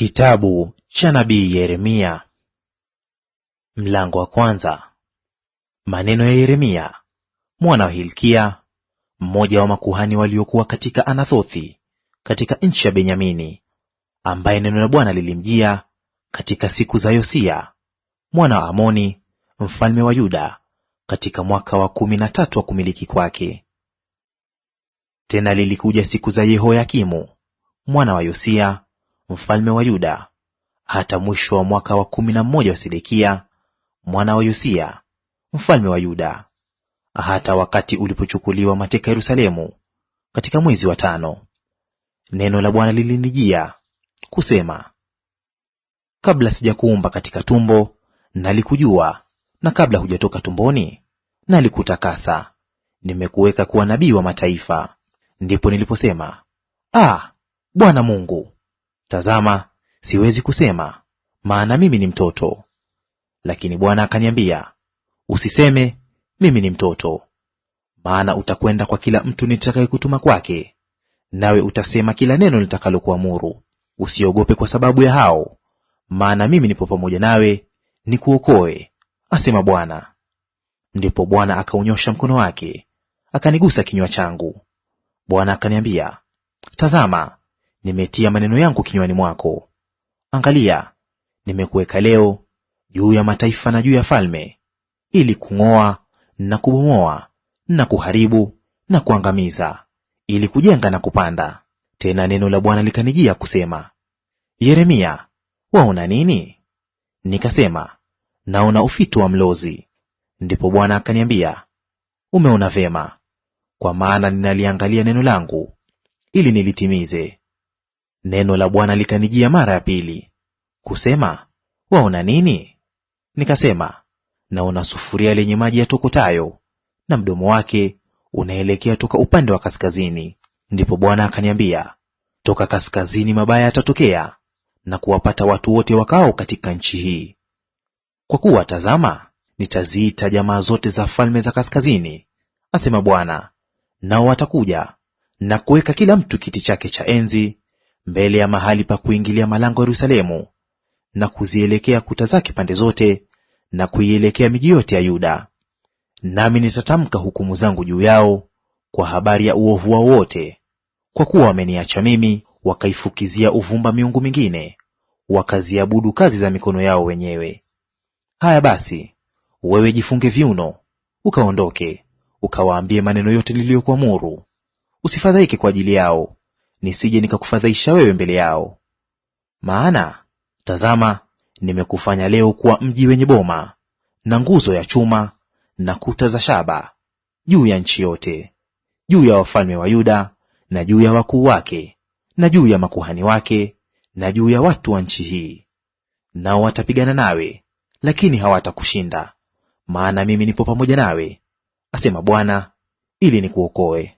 Kitabu cha nabii Yeremia mlango wa kwanza. Maneno ya Yeremia mwana wa Hilkia, mmoja wa makuhani waliokuwa katika Anathothi katika nchi ya Benyamini, ambaye neno la Bwana lilimjia katika siku za Yosia mwana wa Amoni mfalme wa Yuda, katika mwaka wa kumi na tatu wa kumiliki kwake. Tena lilikuja siku za Yehoyakimu mwana wa Yosia mfalme wa Yuda, hata mwisho wa mwaka wa kumi na mmoja wa Sedekia mwana wa Yosia mfalme wa Yuda, hata wakati ulipochukuliwa mateka Yerusalemu katika mwezi wa tano. Neno la Bwana lilinijia kusema, kabla sijakuumba katika tumbo nalikujua, na kabla hujatoka tumboni nalikutakasa, nimekuweka kuwa nabii wa mataifa. Ndipo niliposema, Ah, Bwana Mungu, Tazama, siwezi kusema, maana mimi ni mtoto. Lakini Bwana akaniambia, usiseme mimi ni mtoto, maana utakwenda kwa kila mtu nitakayekutuma kwake, nawe utasema kila neno nitakalokuamuru. Usiogope kwa sababu ya hao, maana mimi nipo pamoja nawe, nikuokoe, asema Bwana. Ndipo Bwana akaunyosha mkono wake, akanigusa kinywa changu. Bwana akaniambia, tazama, nimetia maneno yangu kinywani mwako. Angalia, nimekuweka leo juu ya mataifa na juu ya falme, ili kung'oa na kubomoa na kuharibu na kuangamiza, ili kujenga na kupanda. Tena neno la Bwana likanijia kusema, Yeremia, waona nini? Nikasema, naona ufito wa mlozi. Ndipo Bwana akaniambia, umeona vema, kwa maana ninaliangalia neno langu ili nilitimize. Neno la Bwana likanijia mara ya pili kusema, waona nini? Nikasema, naona sufuria lenye maji yatokotayo, na mdomo wake unaelekea toka upande wa kaskazini. Ndipo Bwana akaniambia, toka kaskazini mabaya yatatokea na kuwapata watu wote wakao katika nchi hii. Kwa kuwa tazama, nitaziita jamaa zote za falme za kaskazini, asema Bwana, nao watakuja na kuweka kila mtu kiti chake cha enzi mbele ya mahali pa kuingilia malango Yerusalemu, na kuzielekea kuta zake pande zote, na kuielekea miji yote ya Yuda. Nami nitatamka hukumu zangu juu yao kwa habari ya uovu wao wote, kwa kuwa wameniacha mimi, wakaifukizia uvumba miungu mingine, wakaziabudu kazi za mikono yao wenyewe. Haya basi, wewe jifunge viuno, ukaondoke, ukawaambie maneno yote niliyokuamuru. Usifadhaike kwa ajili yao, nisije nikakufadhaisha wewe mbele yao. Maana tazama, nimekufanya leo kuwa mji wenye boma na nguzo ya chuma na kuta za shaba juu ya nchi yote, juu ya wafalme wa Yuda na juu ya wakuu wake na juu ya makuhani wake na juu ya watu wa nchi hii. Nao watapigana nawe, lakini hawatakushinda, maana mimi nipo pamoja nawe, asema Bwana, ili nikuokoe.